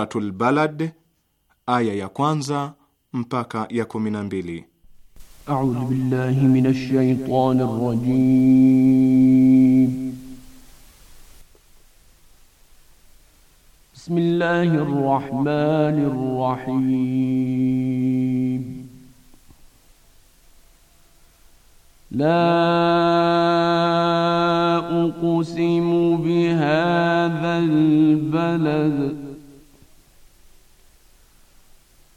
Suratul Balad aya ya kwanza mpaka ya kumi na mbili. A'udhu billahi minash shaitani rrajim. Bismillahir rahmanir rahim. La uqsimu bihadha al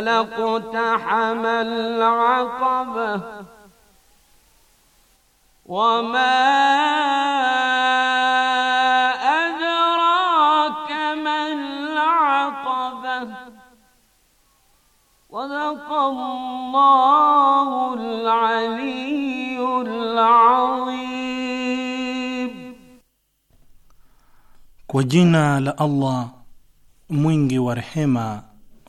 فلقتحم العقبة وما أدراك ما العقبة صدق الله العلي العظيم kwa لألله la Allah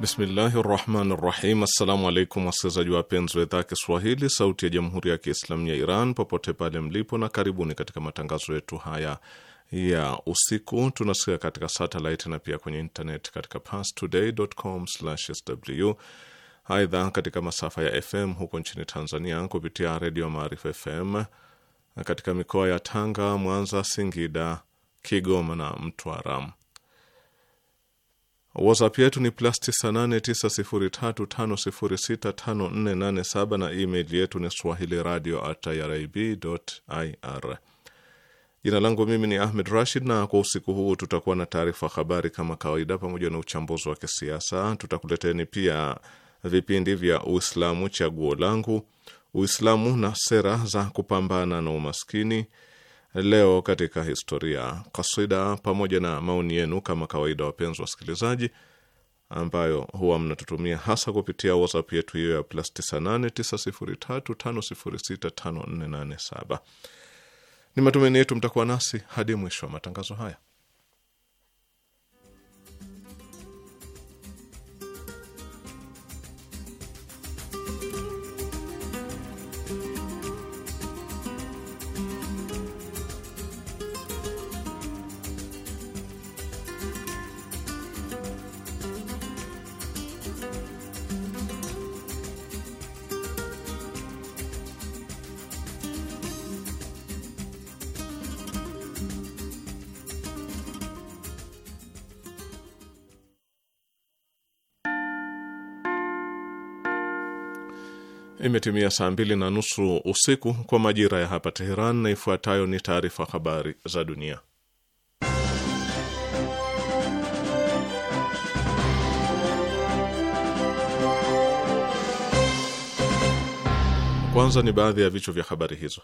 Bismillahi rahmani rahim. Assalamu alaikum wasikilizaji wapenzi wa idhaa Kiswahili sauti ya jamhuri ya Kiislamu ya Iran popote pale mlipo, na karibuni katika matangazo yetu haya ya usiku. Tunasikia katika satelit na pia kwenye internet katika pastodaycom sw Aidha, katika masafa ya FM huko nchini Tanzania kupitia redio Maarifa FM katika mikoa ya Tanga, Mwanza, Singida, Kigoma na Mtwara WhatsApp yetu ni plus 989035065487 na email yetu ni swahili radio at irib ir. Jina langu mimi ni Ahmed Rashid, na kwa usiku huu tutakuwa na taarifa habari kama kawaida, pamoja na uchambuzi wa kisiasa. Tutakuleteni pia vipindi vya Uislamu, chaguo langu, Uislamu na sera za kupambana na umaskini leo katika historia, kasida pamoja na maoni yenu kama kawaida, wapenzi wasikilizaji, ambayo huwa mnatutumia hasa kupitia WhatsApp yetu hiyo ya plus 989035065487. Ni matumaini yetu mtakuwa nasi hadi mwisho wa matangazo haya. imetimia saa mbili na nusu usiku kwa majira ya hapa Teheran, na ifuatayo ni taarifa habari za dunia. Kwanza ni baadhi ya vichwa vya habari hizo.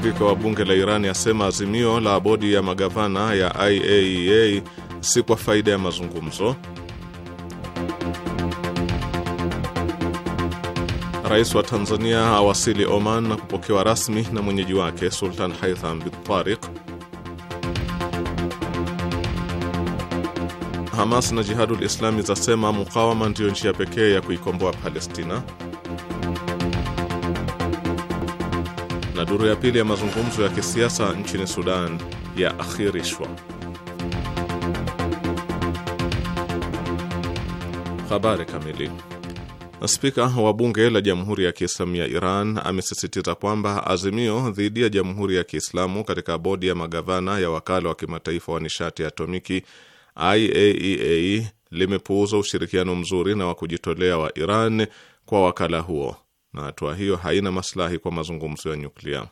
Spika wa bunge la Irani asema azimio la bodi ya magavana ya IAEA e si kwa faida ya mazungumzo. Rais wa Tanzania awasili Oman na kupokewa rasmi na mwenyeji wake Sultan Haitham bin Tariq. Hamas na Jihadul Islami zasema mukawama ndiyo njia pekee ya kuikomboa Palestina. na duru ya pili ya mazungumzo ya kisiasa nchini Sudan akhirishwa. Habari kamili. Spika wa bunge la Jamhuri ya Kiislamu ya Iran amesisitiza kwamba azimio dhidi ya Jamhuri ya Kiislamu katika bodi ya magavana ya wakala wa kimataifa wa nishati ya atomiki IAEA e limepuuza ushirikiano mzuri na wa kujitolea wa Iran kwa wakala huo na hatua hiyo haina maslahi kwa mazungumzo ya nyuklia.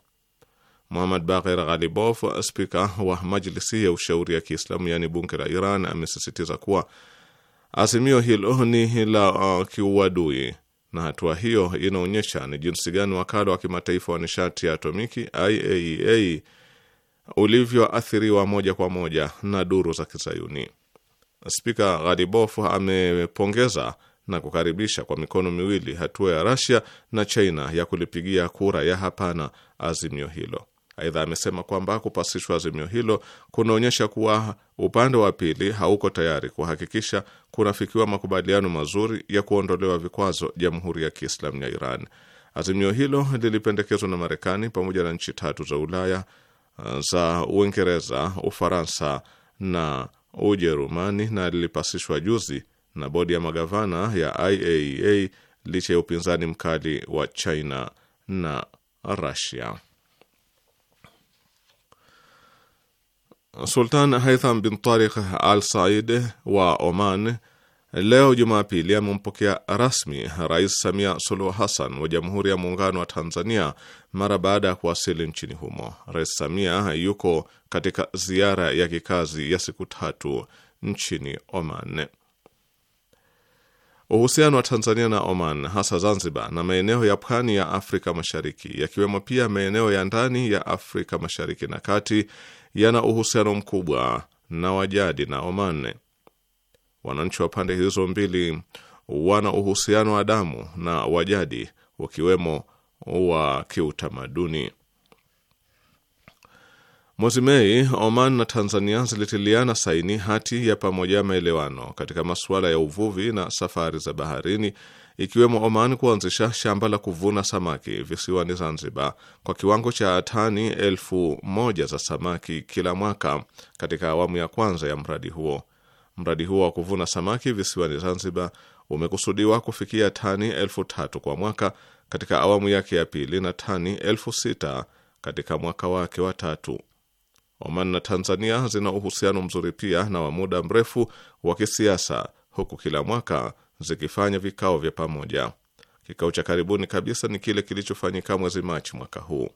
Muhamad Bagher Ghalibof, spika wa Majlisi ya Ushauri ya Kiislamu, yaani bunge la Iran, amesisitiza kuwa azimio hilo ni la uh, kiuadui na hatua hiyo inaonyesha ni jinsi gani wakala wa kimataifa wa nishati ya atomiki IAEA e ulivyoathiriwa moja kwa moja na duru za Kizayuni. Spika Ghalibof amepongeza na kukaribisha kwa mikono miwili hatua ya Russia na China ya kulipigia kura ya hapana azimio hilo. Aidha, amesema kwamba kupasishwa azimio hilo kunaonyesha kuwa upande wa pili hauko tayari kuhakikisha kunafikiwa makubaliano mazuri ya kuondolewa vikwazo Jamhuri ya Kiislamu ya Iran. Azimio hilo lilipendekezwa na Marekani pamoja na nchi tatu za Ulaya za Uingereza, Ufaransa na Ujerumani na lilipasishwa juzi na bodi ya magavana ya IAEA e licha ya upinzani mkali wa China na Russia. Sultan Haitham bin Tariq Al Said wa Oman leo Jumapili amempokea rasmi Rais Samia Suluhu Hassan wa Jamhuri ya Muungano wa Tanzania mara baada ya kuwasili nchini humo. Rais Samia yuko katika ziara ya kikazi ya siku tatu nchini Oman. Uhusiano wa Tanzania na Oman, hasa Zanzibar na maeneo ya pwani ya Afrika Mashariki, yakiwemo pia maeneo ya ndani ya Afrika Mashariki na Kati, yana uhusiano mkubwa na wajadi na Oman. Wananchi wa pande hizo mbili wana uhusiano wa damu na wajadi, wakiwemo wa kiutamaduni. Mwezi Mei, Oman na Tanzania zilitiliana saini hati ya pamoja ya maelewano katika masuala ya uvuvi na safari za baharini, ikiwemo Oman kuanzisha shamba la kuvuna samaki visiwani Zanzibar kwa kiwango cha tani elfu moja za samaki kila mwaka katika awamu ya kwanza ya mradi huo. Mradi huo wa kuvuna samaki visiwani Zanzibar umekusudiwa kufikia tani elfu tatu kwa mwaka katika awamu yake ya pili na tani elfu sita katika mwaka wake wa tatu. Oman na Tanzania zina uhusiano mzuri pia na wa muda mrefu wa kisiasa, huku kila mwaka zikifanya vikao vya pamoja. Kikao cha karibuni kabisa ni kile kilichofanyika mwezi Machi mwaka huu.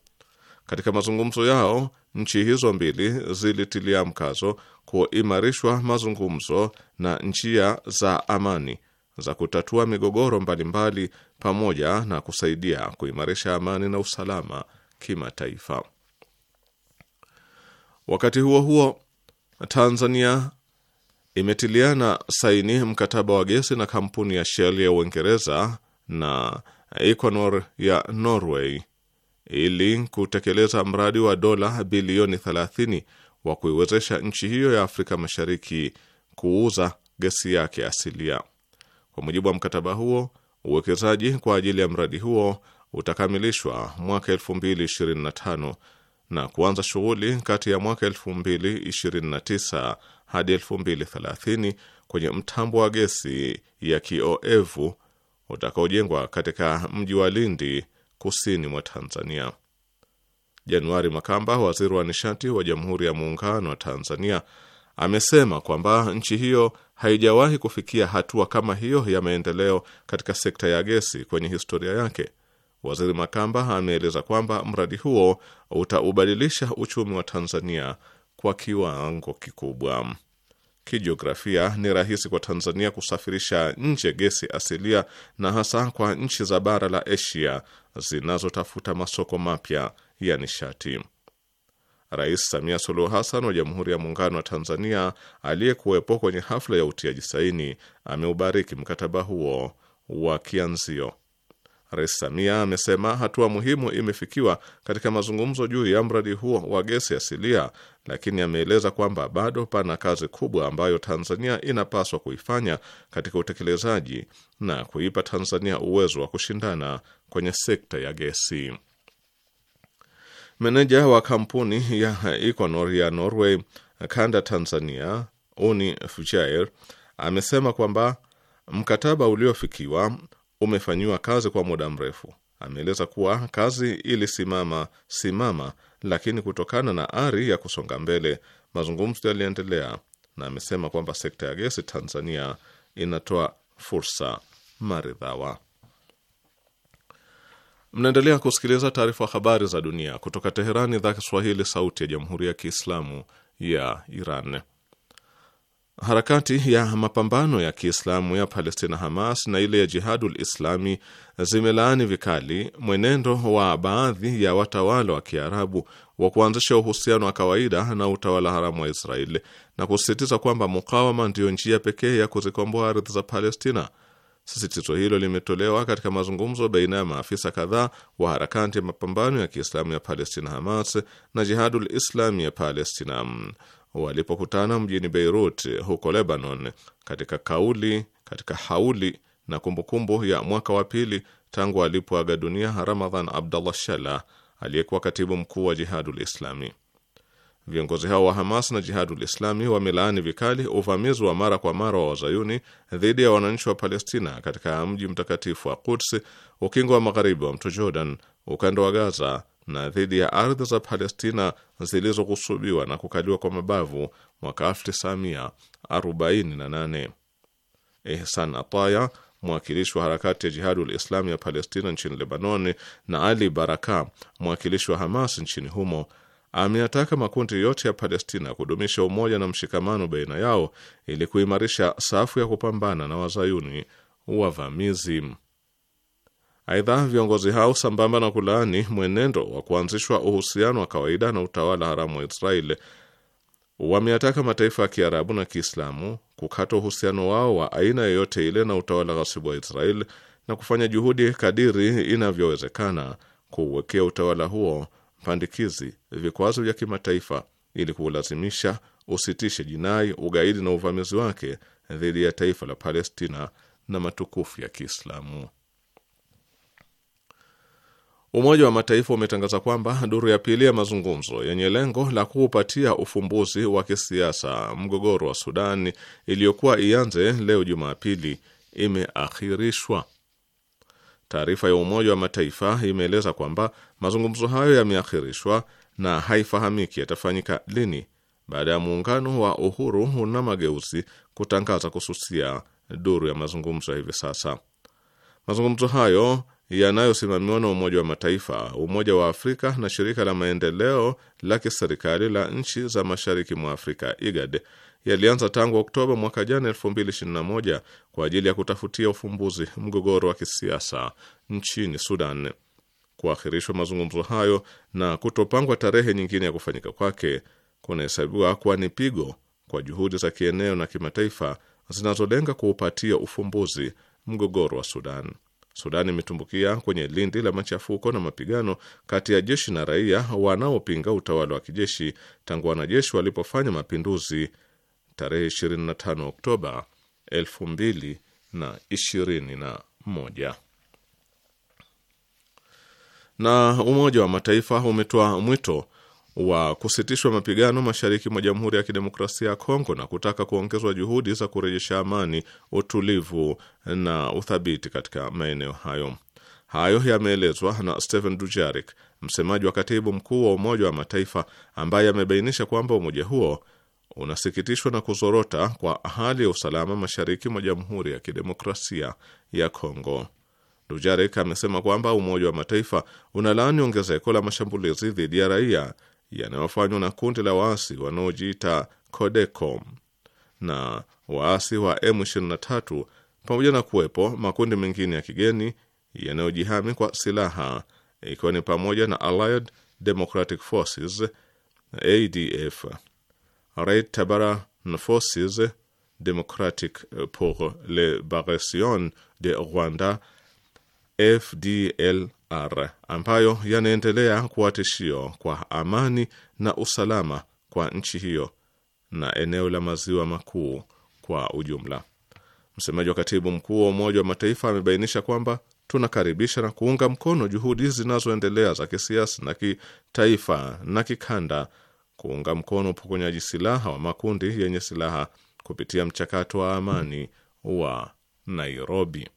Katika mazungumzo yao, nchi hizo mbili zilitilia mkazo kuimarishwa mazungumzo na njia za amani za kutatua migogoro mbalimbali pamoja na kusaidia kuimarisha amani na usalama kimataifa. Wakati huo huo, Tanzania imetiliana saini mkataba wa gesi na kampuni ya Shell ya Uingereza na Equinor ya Norway ili kutekeleza mradi wa dola bilioni 30 wa kuiwezesha nchi hiyo ya Afrika Mashariki kuuza gesi yake asilia. Kwa mujibu wa mkataba huo, uwekezaji kwa ajili ya mradi huo utakamilishwa mwaka 2025 na kuanza shughuli kati ya mwaka 2029 hadi 2030 kwenye mtambo wa gesi ya kioevu utakaojengwa katika mji wa Lindi kusini mwa Tanzania. Januari Makamba, waziri wa nishati wa Jamhuri ya Muungano wa Tanzania, amesema kwamba nchi hiyo haijawahi kufikia hatua kama hiyo ya maendeleo katika sekta ya gesi kwenye historia yake Waziri Makamba ameeleza kwamba mradi huo utaubadilisha uchumi wa Tanzania kwa kiwango kikubwa. Kijiografia ni rahisi kwa Tanzania kusafirisha nje gesi asilia na hasa kwa nchi za bara la Asia zinazotafuta masoko mapya ya nishati. Rais Samia Suluhu Hassan wa Jamhuri ya Muungano wa Tanzania aliyekuwepo kwenye hafla ya utiaji saini ameubariki mkataba huo wa kianzio Rais Samia amesema hatua muhimu imefikiwa katika mazungumzo juu ya mradi huo wa gesi asilia, lakini ameeleza kwamba bado pana kazi kubwa ambayo Tanzania inapaswa kuifanya katika utekelezaji na kuipa Tanzania uwezo wa kushindana kwenye sekta ya gesi. Meneja wa kampuni ya Equinor ya Norway kanda Tanzania, Uni Fujair amesema kwamba mkataba uliofikiwa umefanyiwa kazi kwa muda mrefu. Ameeleza kuwa kazi ilisimama simama, lakini kutokana na ari ya kusonga mbele mazungumzo yaliendelea, na amesema kwamba sekta ya gesi Tanzania inatoa fursa maridhawa. Mnaendelea kusikiliza taarifa habari za dunia kutoka Teherani, idhaa Kiswahili, sauti ya jamhuri ya kiislamu ya Iran. Harakati ya mapambano ya Kiislamu ya Palestina Hamas na ile ya Jihadul Islami zimelaani vikali mwenendo wa baadhi ya watawala wa Kiarabu wa kuanzisha uhusiano wa kawaida na utawala haramu wa Israeli na kusisitiza kwamba mukawama ndiyo njia pekee ya kuzikomboa ardhi za Palestina. Sisitizo hilo limetolewa katika mazungumzo baina ya maafisa kadhaa wa harakati ya mapambano ya Kiislamu ya Palestina Hamas na Jihadul Islami ya Palestina walipokutana mjini Beirut huko Lebanon, katika kauli katika hauli na kumbukumbu kumbu ya mwaka wa pili tangu alipoaga dunia Ramadhan abdullah Shala aliyekuwa katibu mkuu wa Jihadul Islami. Viongozi hao wa Hamas na Jihadul Islami wamelaani vikali uvamizi wa mara kwa mara wa wazayuni dhidi ya wananchi wa Palestina katika mji mtakatifu wa Quds, ukingo wa magharibi wa mto Jordan, ukanda wa Gaza na dhidi ya ardhi za Palestina zilizoghusubiwa na kukaliwa kwa mabavu mwaka 1948. Ehsan Ataya, mwakilishi wa harakati ya Jihadul Islami ya Palestina nchini Lebanon, na Ali Baraka, mwakilishi wa Hamas nchini humo, ameyataka makundi yote ya Palestina kudumisha umoja na mshikamano baina yao ili kuimarisha safu ya kupambana na wazayuni wavamizi. Aidha, viongozi hao sambamba na kulaani mwenendo wa kuanzishwa uhusiano wa kawaida na utawala haramu wa Israeli wameyataka mataifa ya Kiarabu na Kiislamu kukata uhusiano wao wa aina yoyote ile na utawala ghasibu wa Israeli na kufanya juhudi kadiri inavyowezekana kuuwekea utawala huo mpandikizi vikwazo vya kimataifa ili kuulazimisha usitishe jinai, ugaidi na uvamizi wake dhidi ya taifa la Palestina na matukufu ya Kiislamu. Umoja wa Mataifa umetangaza kwamba duru ya pili ya mazungumzo yenye lengo la kuupatia ufumbuzi wa kisiasa mgogoro wa Sudani iliyokuwa ianze leo Jumapili imeakhirishwa. Taarifa ya Umoja wa Mataifa imeeleza kwamba mazungumzo hayo yameakhirishwa na haifahamiki yatafanyika lini baada ya muungano wa uhuru na mageuzi kutangaza kususia duru ya mazungumzo ya hivi sasa. Mazungumzo hayo yanayosimamiwa na Umoja wa Mataifa, Umoja wa Afrika na Shirika la Maendeleo la Kiserikali la Nchi za Mashariki mwa Afrika, IGAD, yalianza tangu Oktoba mwaka jana 2021 kwa ajili ya kutafutia ufumbuzi mgogoro wa kisiasa nchini Sudan. Kuahirishwa mazungumzo hayo na kutopangwa tarehe nyingine ya kufanyika kwake kunahesabiwa kuwa ni pigo kwa juhudi za kieneo na kimataifa zinazolenga kuupatia ufumbuzi mgogoro wa Sudan. Sudan imetumbukia kwenye lindi la machafuko na mapigano kati ya jeshi na raia wanaopinga utawala wa kijeshi tangu wanajeshi walipofanya mapinduzi tarehe 25 Oktoba 2021. Na Umoja wa Mataifa umetoa mwito wa kusitishwa mapigano mashariki mwa Jamhuri ya Kidemokrasia ya Kongo na kutaka kuongezwa juhudi za kurejesha amani, utulivu na uthabiti katika maeneo hayo. Hayo yameelezwa na stehen Dujarric, msemaji wa katibu mkuu wa Umoja wa Mataifa, ambaye amebainisha kwamba umoja huo unasikitishwa na kuzorota kwa hali ya usalama mashariki mwa Jamhuri ya Kidemokrasia ya Kongo. Dujarric amesema kwamba Umoja wa Mataifa unalaani ongezeko la mashambulizi dhidi ya raia yanayofanywa na kundi la waasi wanaojiita codecom na waasi wa M23 pamoja na kuwepo makundi mengine ya kigeni yanayojihami kwa silaha ikiwa ni pamoja na Allied Democratic Forces ADF, Raid Tabaran Forces democratic pour la de Rwanda FDL R ambayo yanaendelea kuwa tishio kwa amani na usalama kwa nchi hiyo na eneo la maziwa makuu kwa ujumla. Msemaji wa katibu mkuu wa Umoja wa Mataifa amebainisha kwamba tunakaribisha na kuunga mkono juhudi zinazoendelea za kisiasa na kitaifa na kikanda kuunga mkono upokonyaji silaha wa makundi yenye silaha kupitia mchakato wa amani wa Nairobi.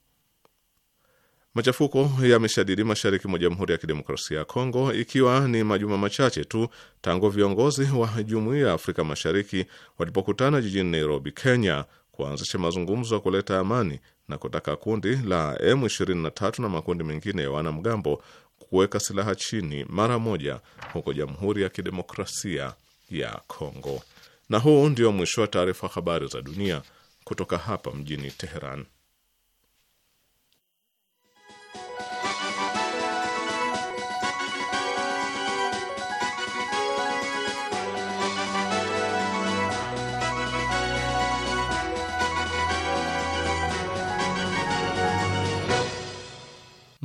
Machafuko yameshadidi mashariki mwa Jamhuri ya Kidemokrasia ya Kongo, ikiwa ni majuma machache tu tangu viongozi wa Jumuiya ya Afrika Mashariki walipokutana jijini Nairobi, Kenya, kuanzisha mazungumzo ya kuleta amani na kutaka kundi la M23 na makundi mengine ya wanamgambo kuweka silaha chini mara moja huko Jamhuri ya Kidemokrasia ya Kongo. Na huu ndio mwisho wa taarifa habari za dunia kutoka hapa mjini Teheran.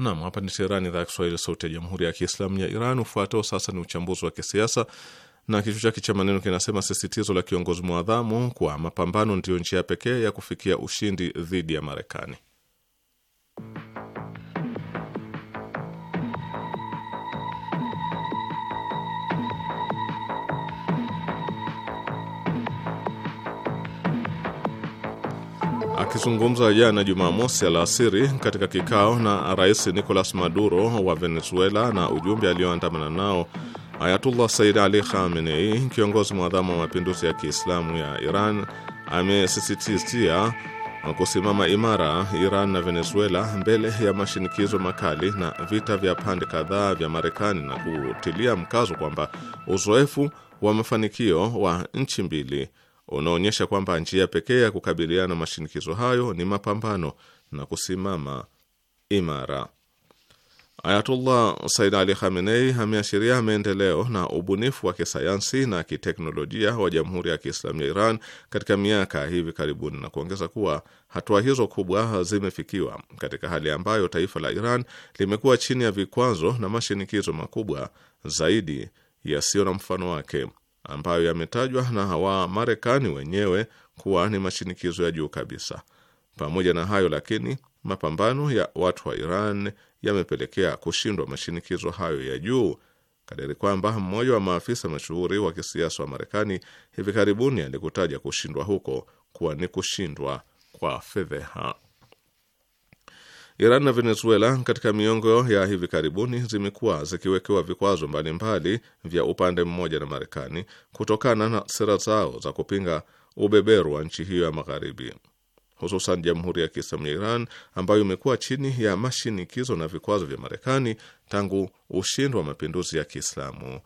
Nam, hapa ni Teherani, idhaa ya Kiswahili, sauti ya jamhuri ya kiislamu ya Iran. Ufuatao sasa ni uchambuzi wa kisiasa na kichwa chake cha maneno kinasema sisitizo la kiongozi mwadhamu kwa mapambano ndiyo njia pekee ya kufikia ushindi dhidi ya Marekani. Akizungumza jana Jumamosi alasiri katika kikao na Rais Nicolas Maduro wa Venezuela na ujumbe aliyoandamana nao, Ayatullah Said Ali Khamenei, kiongozi mwadhamu wa mapinduzi ya Kiislamu ya Iran, amesisitizia kusimama imara Iran na Venezuela mbele ya mashinikizo makali na vita vya pande kadhaa vya Marekani na kutilia mkazo kwamba uzoefu wa mafanikio wa nchi mbili unaonyesha kwamba njia pekee ya kukabiliana na mashinikizo hayo ni mapambano na kusimama imara. Ayatullah Said Ali Khamenei ameashiria maendeleo na ubunifu wa kisayansi na kiteknolojia wa Jamhuri ya Kiislamu ya Iran katika miaka hivi karibuni na kuongeza kuwa hatua hizo kubwa zimefikiwa katika hali ambayo taifa la Iran limekuwa chini ya vikwazo na mashinikizo makubwa zaidi yasiyo na mfano wake ambayo yametajwa na Wamarekani wenyewe kuwa ni mashinikizo ya juu kabisa. Pamoja na hayo lakini, mapambano ya watu wa Iran yamepelekea kushindwa mashinikizo hayo ya juu kadiri kwamba mmoja wa maafisa mashuhuri wa kisiasa wa Marekani hivi karibuni alikutaja kushindwa huko kuwa ni kushindwa kwa fedheha. Iran na Venezuela katika miongo ya hivi karibuni zimekuwa zikiwekewa vikwazo mbalimbali vya upande mmoja na Marekani kutokana na sera zao za kupinga ubeberu wa nchi hiyo ya magharibi, hususan Jamhuri ya Kiislamu ya Iran ambayo imekuwa chini ya mashinikizo na vikwazo vya Marekani tangu ushindi wa mapinduzi ya Kiislamu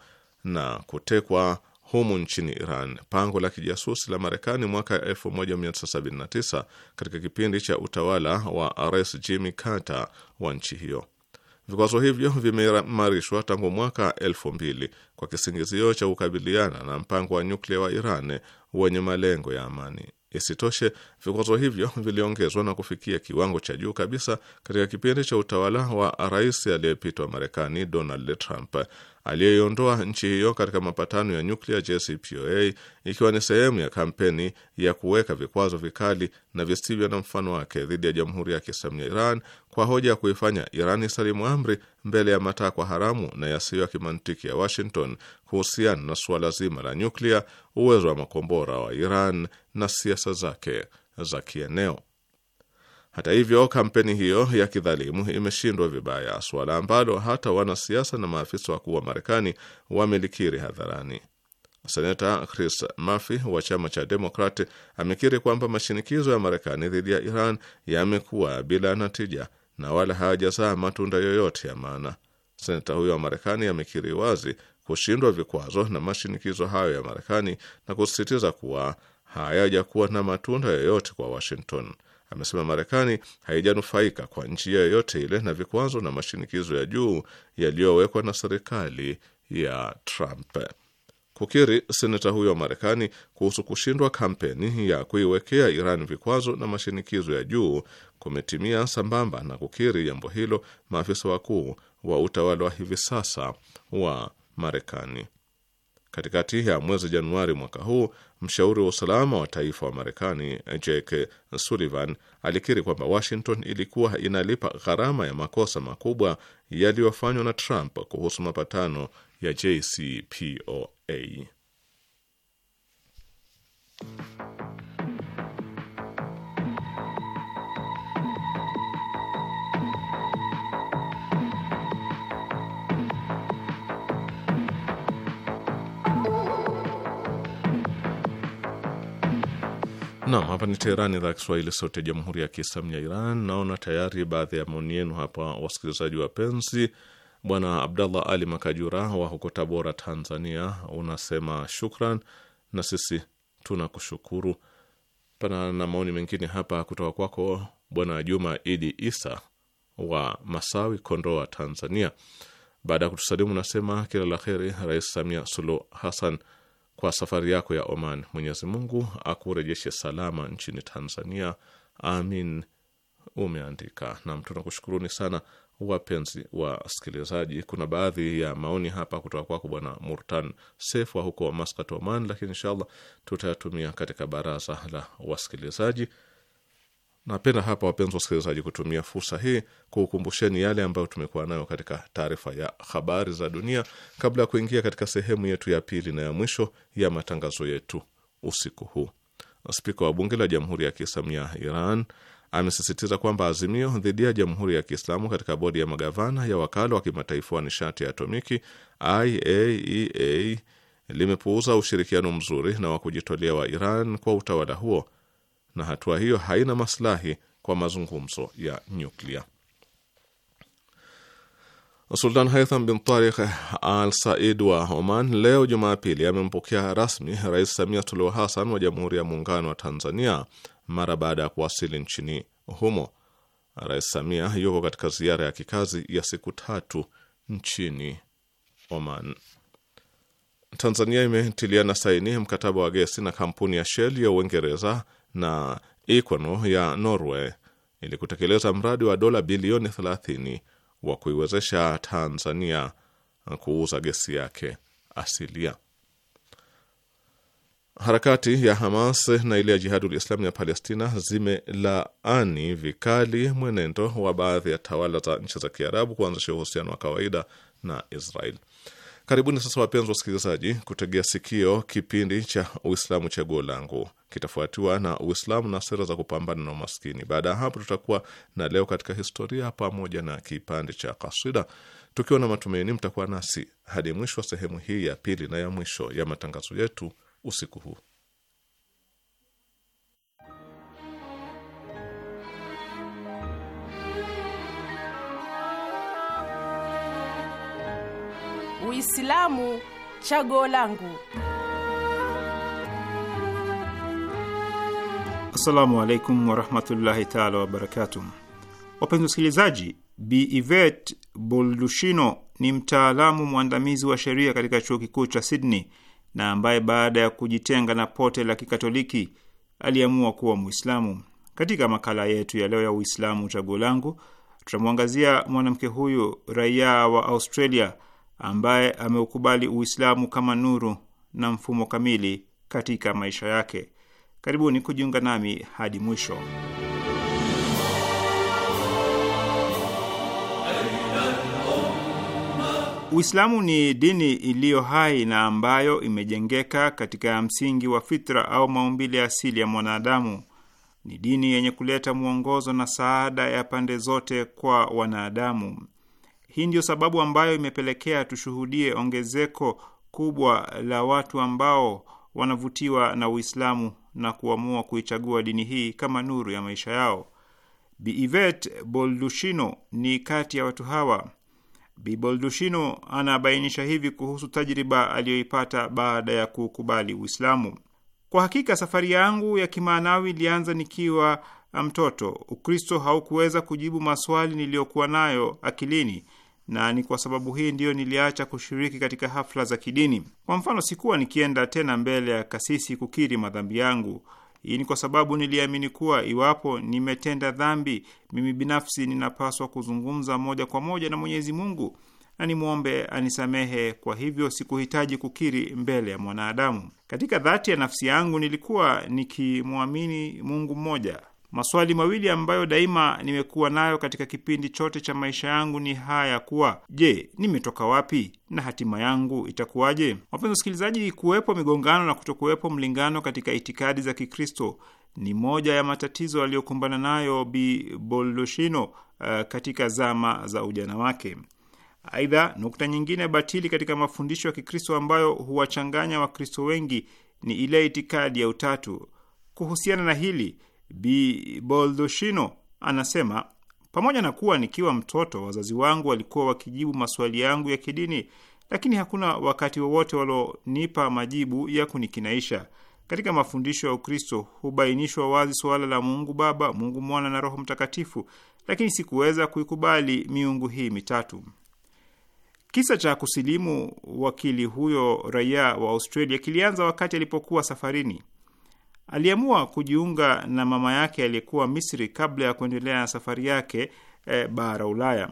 na kutekwa humu nchini Iran pango la kijasusi la Marekani mwaka 1979 katika kipindi cha utawala wa Rais Jimmy Carter wa nchi hiyo. Vikwazo hivyo vimeimarishwa tangu mwaka 2000 kwa kisingizio cha kukabiliana na mpango wa nyuklia wa Iran wenye malengo ya amani. Isitoshe, vikwazo hivyo viliongezwa na kufikia kiwango cha juu kabisa katika kipindi cha utawala wa rais aliyepitwa Marekani Donald Trump aliyeiondoa nchi hiyo katika mapatano ya nyuklia JCPOA ikiwa ni sehemu ya kampeni ya kuweka vikwazo vikali na visivyo na mfano wake dhidi ya Jamhuri ya Kiislamu ya Iran kwa hoja ya kuifanya Iran isalimu amri mbele ya matakwa haramu na yasiyo ya kimantiki ya Washington kuhusiana na suala zima la nyuklia, uwezo wa makombora wa Iran na siasa zake za kieneo. Hata hivyo, kampeni hiyo ya kidhalimu imeshindwa vibaya, suala ambalo hata wanasiasa na maafisa wakuu wa Marekani wamelikiri hadharani. Senata Chris Murphy wa chama cha Demokrat amekiri kwamba mashinikizo ya Marekani dhidi ya Iran yamekuwa bila natija na wala hayajazaa matunda yoyote ya maana. Senata huyo wa Marekani amekiri wazi kushindwa vikwazo na mashinikizo hayo ya Marekani na kusisitiza kuwa hayajakuwa na matunda yoyote kwa Washington amesema Marekani haijanufaika kwa njia yoyote ile na vikwazo na mashinikizo ya juu yaliyowekwa na serikali ya Trump. Kukiri seneta huyo wa Marekani kuhusu kushindwa kampeni ya kuiwekea Iran vikwazo na mashinikizo ya juu kumetimia sambamba na kukiri jambo hilo maafisa wakuu wa utawala wa hivi sasa wa Marekani. Katikati ya mwezi Januari mwaka huu, mshauri wa usalama wa taifa wa Marekani Jake Sullivan alikiri kwamba Washington ilikuwa inalipa gharama ya makosa makubwa yaliyofanywa na Trump kuhusu mapatano ya JCPOA. Nam, hapa ni Teherani, idhaa ya Kiswahili, sauti ya jamhuri ya kiislamu ya Iran. Naona tayari baadhi ya maoni yenu hapa, wasikilizaji wapenzi. Bwana Abdallah Ali Makajura wa huko Tabora, Tanzania, unasema shukran, na sisi tunakushukuru. Pana na maoni mengine hapa kutoka kwako Bwana Juma Idi Isa wa Masawi, Kondoa, Tanzania. Baada ya kutusalimu, unasema kila la heri Rais Samia Suluhu Hassan kwa safari yako ya Oman. Mwenyezi Mungu akurejeshe salama nchini Tanzania, amin. Umeandika nam. Tunakushukuruni sana wapenzi wasikilizaji. Kuna baadhi ya maoni hapa kutoka kwako Bwana Murtan Sefwa huko Maskat, Oman, lakini inshallah tutayatumia katika baraza la wasikilizaji. Napenda hapa, wapenzi wasikilizaji, kutumia fursa hii kuukumbusheni yale ambayo tumekuwa nayo katika taarifa ya habari za dunia kabla ya kuingia katika sehemu yetu ya pili na ya mwisho ya matangazo yetu usiku huu. Spika wa bunge la Jamhuri ya Kiislamu ya Iran amesisitiza kwamba azimio dhidi ya Jamhuri ya Kiislamu katika bodi ya magavana ya wakala wa kimataifa wa nishati ya atomiki IAEA e limepuuza ushirikiano mzuri na wa kujitolea wa Iran kwa utawala huo na hatua hiyo haina maslahi kwa mazungumzo ya nyuklia. Sultan Haitham bin Tarikh Al Said wa Oman leo Jumapili amempokea rasmi Rais Samia Suluhu Hassan wa Jamhuri ya Muungano wa Tanzania mara baada ya kuwasili nchini humo. Rais Samia yuko katika ziara ya kikazi ya siku tatu nchini Oman. Tanzania imetiliana saini mkataba wa gesi na kampuni ya Shell ya Uingereza na Equinor ya Norway ili kutekeleza mradi wa dola bilioni 30 wa kuiwezesha Tanzania kuuza gesi yake asilia. Harakati ya Hamas na ile ya Jihadul islam ya Palestina zimelaani vikali mwenendo wa baadhi ya tawala za nchi za Kiarabu kuanzisha uhusiano wa kawaida na Israel. Karibuni sasa wapenzi wasikilizaji, kutegea sikio kipindi cha Uislamu Chaguo Langu, kitafuatiwa na Uislamu na Sera za Kupambana na Umaskini. Baada ya hapo, tutakuwa na Leo katika Historia pamoja na kipande cha kasida, tukiwa na matumaini mtakuwa nasi hadi mwisho wa sehemu hii ya pili na ya mwisho ya matangazo yetu usiku huu. Uislamu chaguo langu. Assalamu alaikum warahmatullahi taala wabarakatuh. Wapenzi wasikilizaji, Bi Ivet Boldushino ni mtaalamu mwandamizi wa sheria katika chuo kikuu cha Sydney na ambaye baada ya kujitenga na pote la Kikatoliki aliamua kuwa Mwislamu. Katika makala yetu ya leo ya Uislamu chaguo langu, tutamwangazia mwanamke huyu raia wa Australia ambaye ameukubali Uislamu kama nuru na mfumo kamili katika maisha yake. Karibuni kujiunga nami hadi mwisho. Uislamu ni dini iliyo hai na ambayo imejengeka katika msingi wa fitra au maumbile asili ya mwanadamu. Ni dini yenye kuleta mwongozo na saada ya pande zote kwa wanadamu. Hii ndiyo sababu ambayo imepelekea tushuhudie ongezeko kubwa la watu ambao wanavutiwa na Uislamu na kuamua kuichagua dini hii kama nuru ya maisha yao. Bi Boldushino ni kati ya watu hawa. Bi Boldushino anabainisha hivi kuhusu tajriba aliyoipata baada ya kukubali Uislamu: kwa hakika safari yangu ya kimaanawi ilianza nikiwa mtoto. Ukristo haukuweza kujibu maswali niliyokuwa nayo akilini na ni kwa sababu hii ndiyo niliacha kushiriki katika hafla za kidini. Kwa mfano, sikuwa nikienda tena mbele ya kasisi kukiri madhambi yangu. Hii ni kwa sababu niliamini kuwa iwapo nimetenda dhambi, mimi binafsi ninapaswa kuzungumza moja kwa moja na Mwenyezi Mungu na nimwombe anisamehe. Kwa hivyo sikuhitaji kukiri mbele ya mwanadamu. Katika dhati ya nafsi yangu nilikuwa nikimwamini Mungu mmoja Maswali mawili ambayo daima nimekuwa nayo katika kipindi chote cha maisha yangu ni haya kuwa, je, nimetoka wapi na hatima yangu itakuwaje? Wapenzi wasikilizaji, kuwepo migongano na kutokuwepo mlingano katika itikadi za Kikristo ni moja ya matatizo aliyokumbana nayo Bi uh, katika zama za ujana wake. Aidha, nukta nyingine batili katika mafundisho ya Kikristo ambayo huwachanganya Wakristo wengi ni ile itikadi ya utatu. Kuhusiana na hili Bi Boldoshino anasema pamoja na kuwa nikiwa mtoto wazazi wangu walikuwa wakijibu maswali yangu ya kidini, lakini hakuna wakati wowote walionipa majibu ya kunikinaisha. Katika mafundisho ya Ukristo hubainishwa wazi suala la Mungu Baba, Mungu Mwana na Roho Mtakatifu, lakini sikuweza kuikubali miungu hii mitatu. Kisa cha kusilimu wakili huyo raia wa Australia kilianza wakati alipokuwa safarini. Aliamua kujiunga na mama yake aliyekuwa Misri kabla ya kuendelea na safari yake e, bara Ulaya.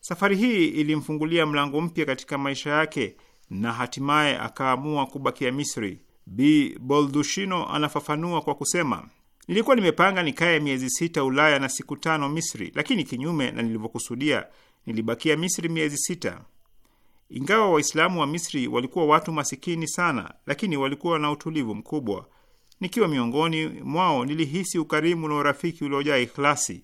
Safari hii ilimfungulia mlango mpya katika maisha yake na hatimaye akaamua kubakia Misri. B Boldushino anafafanua kwa kusema, nilikuwa nimepanga nikae miezi sita Ulaya na siku tano Misri, lakini kinyume na nilivyokusudia, nilibakia Misri miezi sita. Ingawa Waislamu wa Misri walikuwa watu masikini sana, lakini walikuwa na utulivu mkubwa. Nikiwa miongoni mwao nilihisi ukarimu na urafiki uliojaa ikhlasi.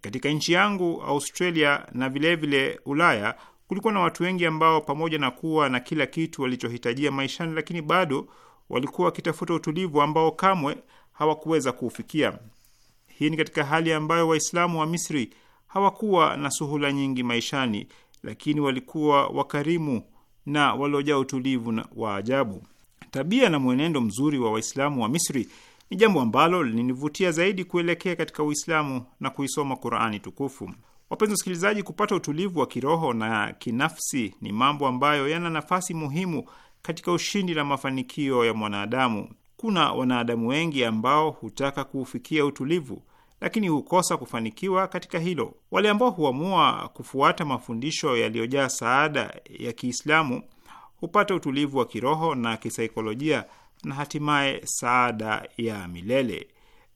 Katika nchi yangu Australia na vilevile vile Ulaya, kulikuwa na watu wengi ambao pamoja na kuwa na kila kitu walichohitajia maishani, lakini bado walikuwa wakitafuta utulivu ambao kamwe hawakuweza kuufikia. Hii ni katika hali ambayo Waislamu wa Misri hawakuwa na suhula nyingi maishani, lakini walikuwa wakarimu na waliojaa utulivu wa ajabu. Tabia na mwenendo mzuri wa Waislamu wa Misri ni jambo ambalo linivutia zaidi kuelekea katika Uislamu na kuisoma Qurani tukufu. Wapenzi wasikilizaji, kupata utulivu wa kiroho na kinafsi ni mambo ambayo yana nafasi muhimu katika ushindi na mafanikio ya mwanadamu. Kuna wanadamu wengi ambao hutaka kuufikia utulivu lakini hukosa kufanikiwa katika hilo. Wale ambao huamua kufuata mafundisho yaliyojaa saada ya Kiislamu hupata utulivu wa kiroho na kisaikolojia na hatimaye saada ya milele.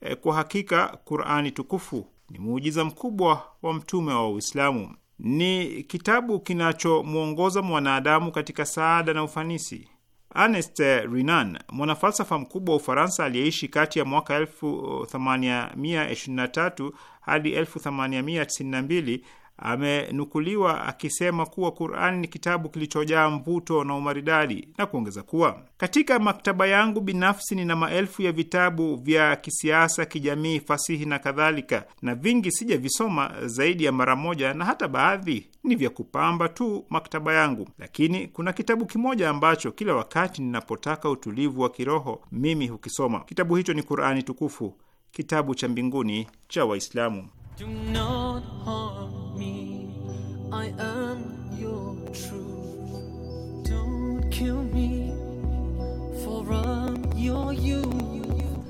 E, kwa hakika Qurani tukufu ni muujiza mkubwa wa mtume wa Uislamu. Ni kitabu kinachomwongoza mwanadamu katika saada na ufanisi. Ernest Renan, mwanafalsafa mkubwa wa Ufaransa aliyeishi kati ya mwaka 1823 eh, hadi 1892, amenukuliwa akisema kuwa Qurani ni kitabu kilichojaa mvuto na umaridadi na kuongeza kuwa katika maktaba yangu binafsi nina maelfu ya vitabu vya kisiasa, kijamii, fasihi na kadhalika, na vingi sijavisoma zaidi ya mara moja, na hata baadhi ni vya kupamba tu maktaba yangu. Lakini kuna kitabu kimoja ambacho kila wakati ninapotaka utulivu wa kiroho mimi hukisoma. Kitabu hicho ni Qurani tukufu, kitabu cha mbinguni cha Waislamu. Do not harm me. I am your truth. Don't kill me, for I'm your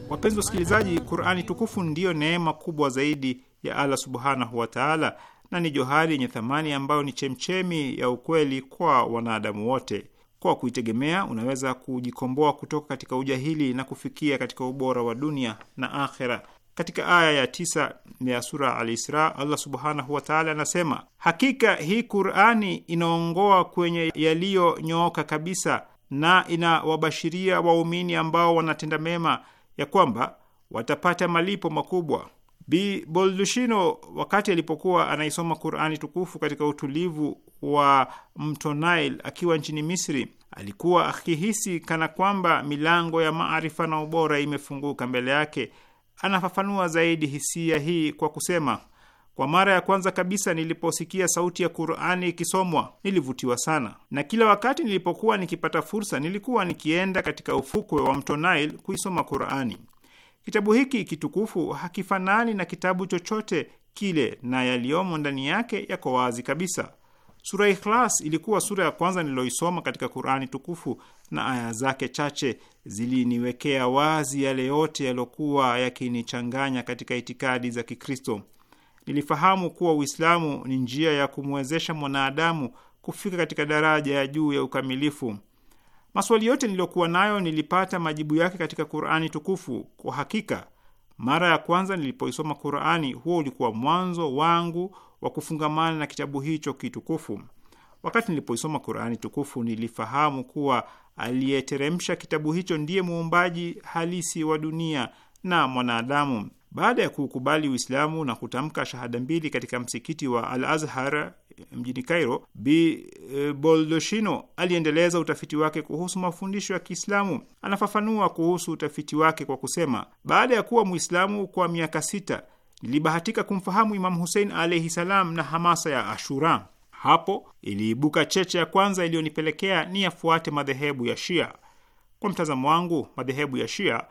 Wapenzi wasikilizaji, Qur'ani tukufu ndiyo neema kubwa zaidi ya Allah Subhanahu wa Ta'ala na ni johari yenye thamani ambayo ni chemchemi ya ukweli kwa wanadamu wote. Kwa kuitegemea unaweza kujikomboa kutoka katika ujahili na kufikia katika ubora wa dunia na akhera. Katika aya ya tisa ya sura Alisra, Allah subhanahu wataala anasema, hakika hii Qurani inaongoa kwenye yaliyonyooka kabisa na inawabashiria waumini ambao wanatenda mema ya kwamba watapata malipo makubwa. Bi Boldushino wakati alipokuwa anaisoma Qurani tukufu katika utulivu wa mto Nile akiwa nchini Misri, alikuwa akihisi kana kwamba milango ya maarifa na ubora imefunguka mbele yake anafafanua zaidi hisia hii kwa kusema, kwa mara ya kwanza kabisa niliposikia sauti ya Qur'ani ikisomwa nilivutiwa sana, na kila wakati nilipokuwa nikipata fursa nilikuwa nikienda katika ufukwe wa mto Nile kuisoma Qur'ani. Kitabu hiki kitukufu hakifanani na kitabu chochote kile, na yaliyomo ndani yake yako wazi kabisa. Sura Ikhlas ilikuwa sura ya kwanza nililoisoma katika Qur'ani tukufu na aya zake chache ziliniwekea wazi yale yote yaliyokuwa yakinichanganya katika itikadi za Kikristo. Nilifahamu kuwa Uislamu ni njia ya kumwezesha mwanadamu kufika katika daraja ya juu ya ukamilifu. Maswali yote niliyokuwa nayo nilipata majibu yake katika Qur'ani tukufu. Kwa hakika, mara ya kwanza nilipoisoma Qur'ani, huo ulikuwa mwanzo wangu wa kufungamana na kitabu hicho kitukufu. Wakati nilipoisoma Qur'ani tukufu, nilifahamu kuwa aliyeteremsha kitabu hicho ndiye muumbaji halisi wa dunia na mwanadamu. Baada ya kuukubali Uislamu na kutamka shahada mbili katika msikiti wa Al Azhar eh, mjini Cairo, e, Boldoshino aliendeleza utafiti wake kuhusu mafundisho ya Kiislamu. Anafafanua kuhusu utafiti wake kwa kusema, baada ya kuwa Mwislamu kwa miaka sita, nilibahatika kumfahamu Imamu Husein alaihi salam na hamasa ya Ashura. Hapo iliibuka cheche ya kwanza iliyonipelekea ni yafuate madhehebu ya Shia. Kwa mtazamo wangu, madhehebu ya Shia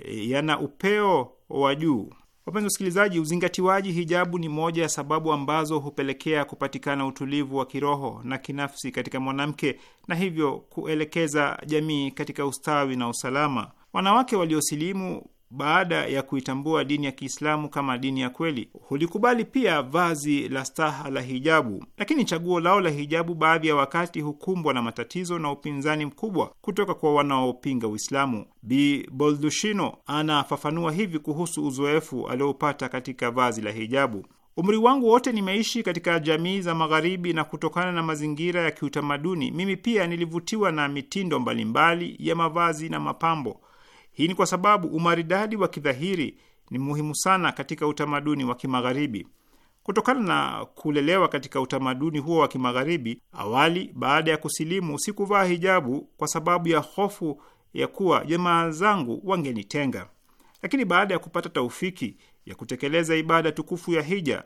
eh, yana upeo wa juu. Wapenzi wasikilizaji, uzingatiwaji hijabu ni moja ya sababu ambazo hupelekea kupatikana utulivu wa kiroho na kinafsi katika mwanamke na hivyo kuelekeza jamii katika ustawi na usalama. Wanawake waliosilimu baada ya kuitambua dini ya Kiislamu kama dini ya kweli, hulikubali pia vazi la staha la hijabu. Lakini chaguo lao la hijabu baadhi ya wakati hukumbwa na matatizo na upinzani mkubwa kutoka kwa wanaopinga Uislamu. Bi Boldushino anafafanua hivi kuhusu uzoefu aliopata katika vazi la hijabu. Umri wangu wote nimeishi katika jamii za Magharibi, na kutokana na mazingira ya kiutamaduni, mimi pia nilivutiwa na mitindo mbalimbali ya mavazi na mapambo. Hii ni kwa sababu umaridadi wa kidhahiri ni muhimu sana katika utamaduni wa Kimagharibi. Kutokana na kulelewa katika utamaduni huo wa Kimagharibi, awali baada ya kusilimu sikuvaa hijabu kwa sababu ya hofu ya kuwa jamaa zangu wangenitenga, lakini baada ya kupata taufiki ya kutekeleza ibada tukufu ya hija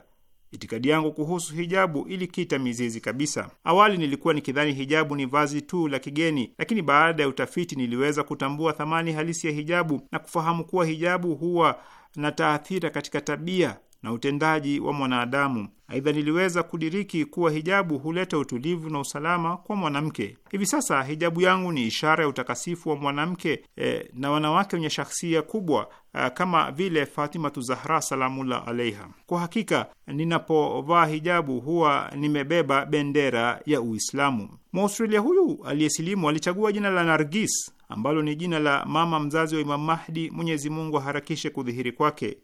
Itikadi yangu kuhusu hijabu ilikita mizizi kabisa. Awali nilikuwa nikidhani hijabu ni vazi tu la kigeni, lakini baada ya utafiti niliweza kutambua thamani halisi ya hijabu na kufahamu kuwa hijabu huwa na taathira katika tabia na utendaji wa mwanadamu. Aidha, niliweza kudiriki kuwa hijabu huleta utulivu na usalama kwa mwanamke. Hivi sasa hijabu yangu ni ishara ya utakasifu wa mwanamke e, na wanawake wenye shakhsia kubwa a, e, kama vile Fatimatu Zahra salamullah alaiha. Kwa hakika ninapovaa hijabu huwa nimebeba bendera ya Uislamu. Mwaustralia huyu aliyesilimu alichagua jina la Nargis ambalo ni jina la mama mzazi wa Imam Mahdi, Mwenyezi Mungu aharakishe kudhihiri kwake.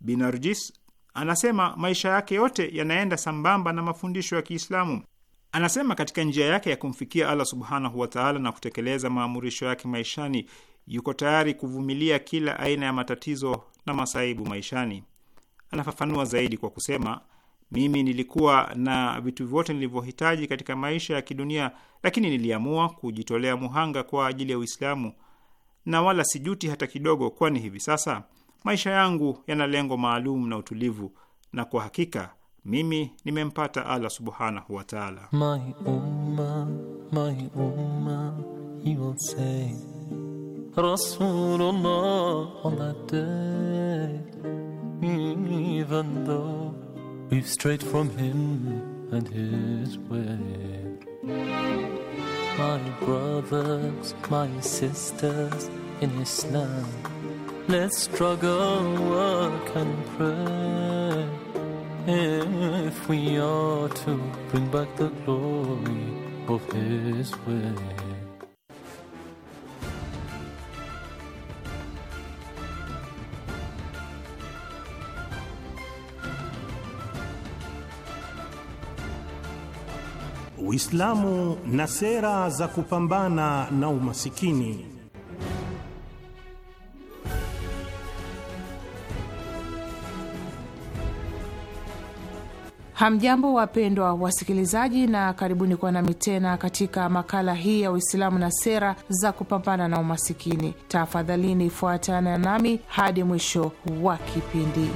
Binarjis Anasema maisha yake yote yanaenda sambamba na mafundisho ya Kiislamu. Anasema katika njia yake ya kumfikia Allah subhanahu wataala na kutekeleza maamurisho yake maishani, yuko tayari kuvumilia kila aina ya matatizo na masaibu maishani. Anafafanua zaidi kwa kusema, mimi nilikuwa na vitu vyote nilivyohitaji katika maisha ya kidunia, lakini niliamua kujitolea muhanga kwa ajili ya Uislamu na wala sijuti hata kidogo, kwani hivi sasa Maisha yangu yana lengo maalum na utulivu, na kwa hakika mimi nimempata Allah subhanahu wa taala. My umma, my umma, he will say, Rasulullah on that day, even though we've strayed from him and his way. My brothers, my sisters in Islam Let's struggle, work, and pray. If we are to bring back the glory of His way. Uislamu na sera za kupambana na umasikini. Hamjambo, wapendwa wasikilizaji, na karibuni kuwa nami tena katika makala hii ya Uislamu na sera za kupambana na umasikini. Tafadhalini fuatana nami hadi mwisho wa kipindi.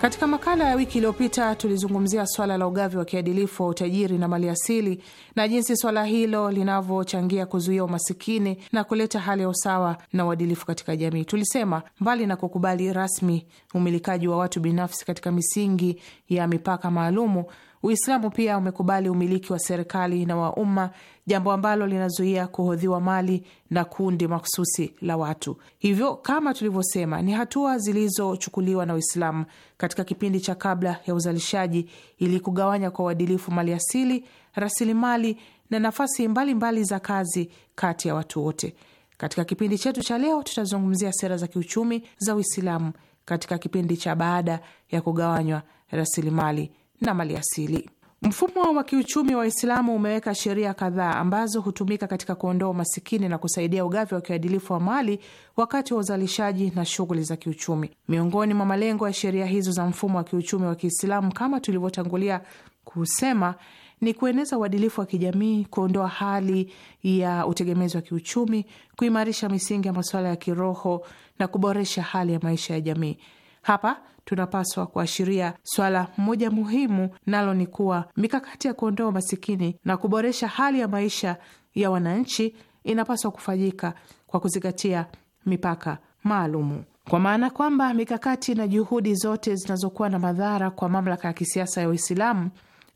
Katika makala ya wiki iliyopita tulizungumzia swala la ugavi wa kiadilifu wa utajiri na maliasili na jinsi swala hilo linavyochangia kuzuia umasikini na kuleta hali ya usawa na uadilifu katika jamii. Tulisema mbali na kukubali rasmi umilikaji wa watu binafsi katika misingi ya mipaka maalumu Uislamu pia umekubali umiliki wa serikali na wa umma, jambo ambalo linazuia kuhodhiwa mali na kundi makhususi la watu. Hivyo kama tulivyosema, ni hatua zilizochukuliwa na Uislamu katika kipindi cha kabla ya uzalishaji ili kugawanya kwa uadilifu mali asili, rasilimali na nafasi mbalimbali mbali za kazi kati ya watu wote. Katika kipindi chetu cha leo tutazungumzia sera za kiuchumi za Uislamu katika kipindi cha baada ya kugawanywa rasilimali na mali asili Mfumo wa kiuchumi wa Uislamu umeweka sheria kadhaa ambazo hutumika katika kuondoa umasikini na kusaidia ugavi wa kiadilifu wa mali wakati wa uzalishaji na shughuli za kiuchumi. Miongoni mwa malengo ya sheria hizo za mfumo wa kiuchumi wa Kiislamu, kama tulivyotangulia kusema, ni kueneza uadilifu wa kijamii, kuondoa hali ya utegemezi wa kiuchumi, kuimarisha misingi ya masuala ya kiroho na kuboresha hali ya maisha ya jamii. Hapa tunapaswa kuashiria swala moja muhimu, nalo ni kuwa mikakati ya kuondoa umasikini na kuboresha hali ya maisha ya wananchi inapaswa kufanyika kwa kuzingatia mipaka maalumu kwa maana kwamba mikakati na juhudi zote zinazokuwa na madhara kwa mamlaka ya kisiasa ya Uislamu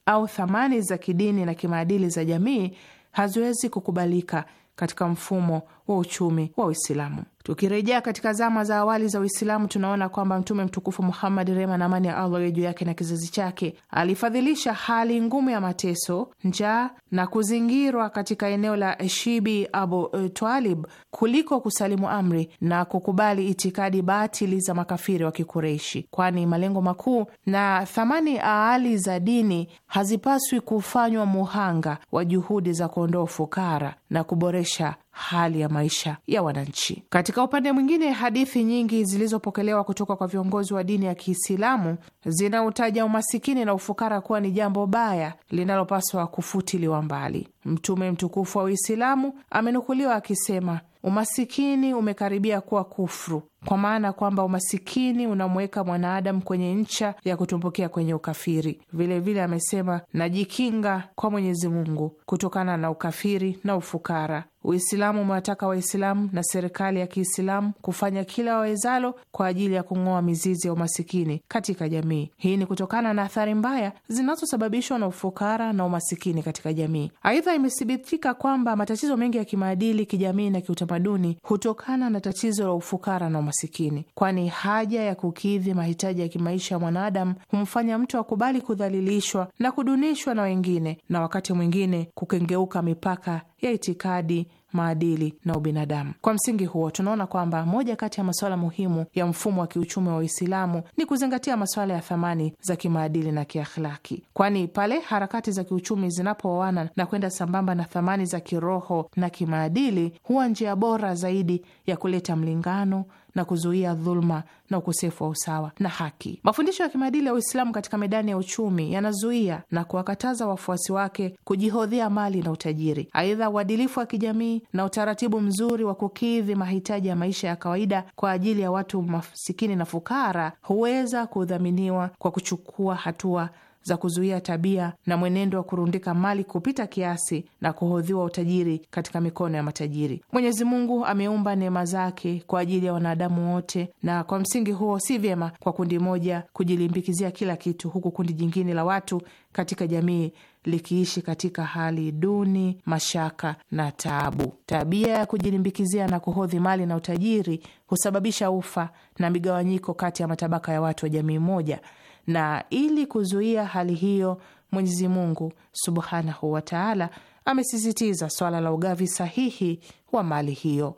au thamani za kidini na kimaadili za jamii haziwezi kukubalika katika mfumo wa uchumi wa Uislamu. Tukirejea katika zama za awali za Uislamu, tunaona kwamba Mtume mtukufu Muhammad, rehma na amani ya Allah iwe juu yake na kizazi chake, alifadhilisha hali ngumu ya mateso, njaa na kuzingirwa katika eneo la Shibi Abu Twalib kuliko kusalimu amri na kukubali itikadi batili za makafiri wa Kikureishi, kwani malengo makuu na thamani aali za dini hazipaswi kufanywa muhanga wa juhudi za kuondoa ufukara na kuboresha hali ya maisha ya wananchi. Katika upande mwingine, hadithi nyingi zilizopokelewa kutoka kwa viongozi wa dini ya Kiislamu zinautaja umasikini na ufukara kuwa ni jambo baya linalopaswa kufutiliwa mbali. Mtume mtukufu wa Uislamu amenukuliwa akisema, umasikini umekaribia kuwa kufru kwa maana kwamba umasikini unamweka mwanaadamu kwenye ncha ya kutumbukia kwenye ukafiri. Vilevile vile amesema, najikinga kwa Mwenyezi Mungu kutokana na ukafiri na ufukara. Uislamu umewataka Waislamu na serikali ya Kiislamu kufanya kila wawezalo kwa ajili ya kung'oa mizizi ya umasikini katika jamii. Hii ni kutokana na athari mbaya zinazosababishwa na ufukara na umasikini katika jamii. Aidha, imethibitika kwamba matatizo mengi ya kimaadili, kijamii na kiutamaduni hutokana na tatizo la ufukara na umasikini umasikini, kwani haja ya kukidhi mahitaji ya kimaisha ya mwanadamu humfanya mtu akubali kudhalilishwa na kudunishwa na wengine, na wakati mwingine kukengeuka mipaka ya itikadi maadili na ubinadamu. Kwa msingi huo, tunaona kwamba moja kati ya masuala muhimu ya mfumo wa kiuchumi wa Uislamu ni kuzingatia masuala ya thamani za kimaadili na kiakhlaki, kwani pale harakati za kiuchumi zinapooana na kwenda sambamba na thamani za kiroho na kimaadili, huwa njia bora zaidi ya kuleta mlingano na kuzuia dhuluma na ukosefu wa usawa na haki. Mafundisho ya kimaadili ya Uislamu katika medani ya uchumi yanazuia na kuwakataza wafuasi wake kujihodhia mali na utajiri. Aidha, uadilifu wa kijamii na utaratibu mzuri wa kukidhi mahitaji ya maisha ya kawaida kwa ajili ya watu masikini na fukara huweza kudhaminiwa kwa kuchukua hatua za kuzuia tabia na mwenendo wa kurundika mali kupita kiasi na kuhodhiwa utajiri katika mikono ya matajiri. Mwenyezi Mungu ameumba neema zake kwa ajili ya wanadamu wote, na kwa msingi huo si vyema kwa kundi moja kujilimbikizia kila kitu, huku kundi jingine la watu katika jamii likiishi katika hali duni, mashaka na taabu. Tabia ya kujilimbikizia na kuhodhi mali na utajiri husababisha ufa na migawanyiko kati ya matabaka ya watu wa jamii moja na ili kuzuia hali hiyo, Mwenyezi Mungu subhanahu wataala amesisitiza swala la ugavi sahihi wa mali hiyo.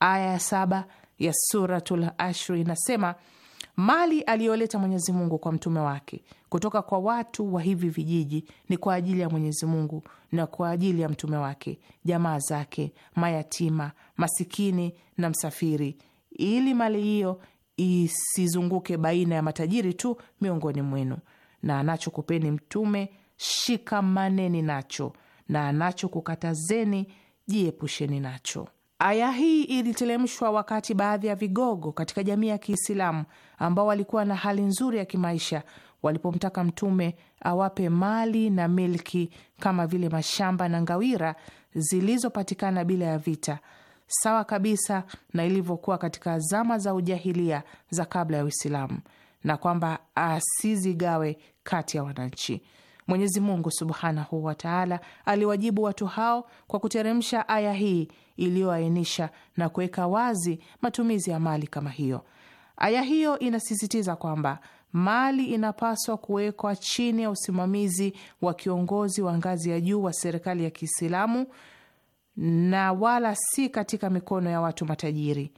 Aya ya saba ya Suratul Ashri inasema mali aliyoleta Mwenyezi Mungu kwa mtume wake kutoka kwa watu wa hivi vijiji ni kwa ajili ya Mwenyezi Mungu na kwa ajili ya mtume wake, jamaa zake, mayatima, masikini na msafiri, ili mali hiyo isizunguke baina ya matajiri tu miongoni mwenu, na anachokupeni Mtume shikamaneni nacho, na anachokukatazeni jiepusheni nacho. Aya hii ilitelemshwa wakati baadhi ya vigogo katika jamii ya Kiislamu ambao walikuwa na hali nzuri ya kimaisha walipomtaka Mtume awape mali na milki kama vile mashamba na ngawira zilizopatikana bila ya vita sawa kabisa na ilivyokuwa katika zama za ujahilia za kabla ya Uislamu, na kwamba asizigawe kati ya wananchi. Mwenyezi Mungu subhanahu wataala aliwajibu watu hao kwa kuteremsha aya hii iliyoainisha na kuweka wazi matumizi ya mali kama hiyo. Aya hiyo inasisitiza kwamba mali inapaswa kuwekwa chini ya usimamizi wa kiongozi wa ngazi ya juu wa serikali ya Kiislamu na wala si katika mikono ya watu matajiri.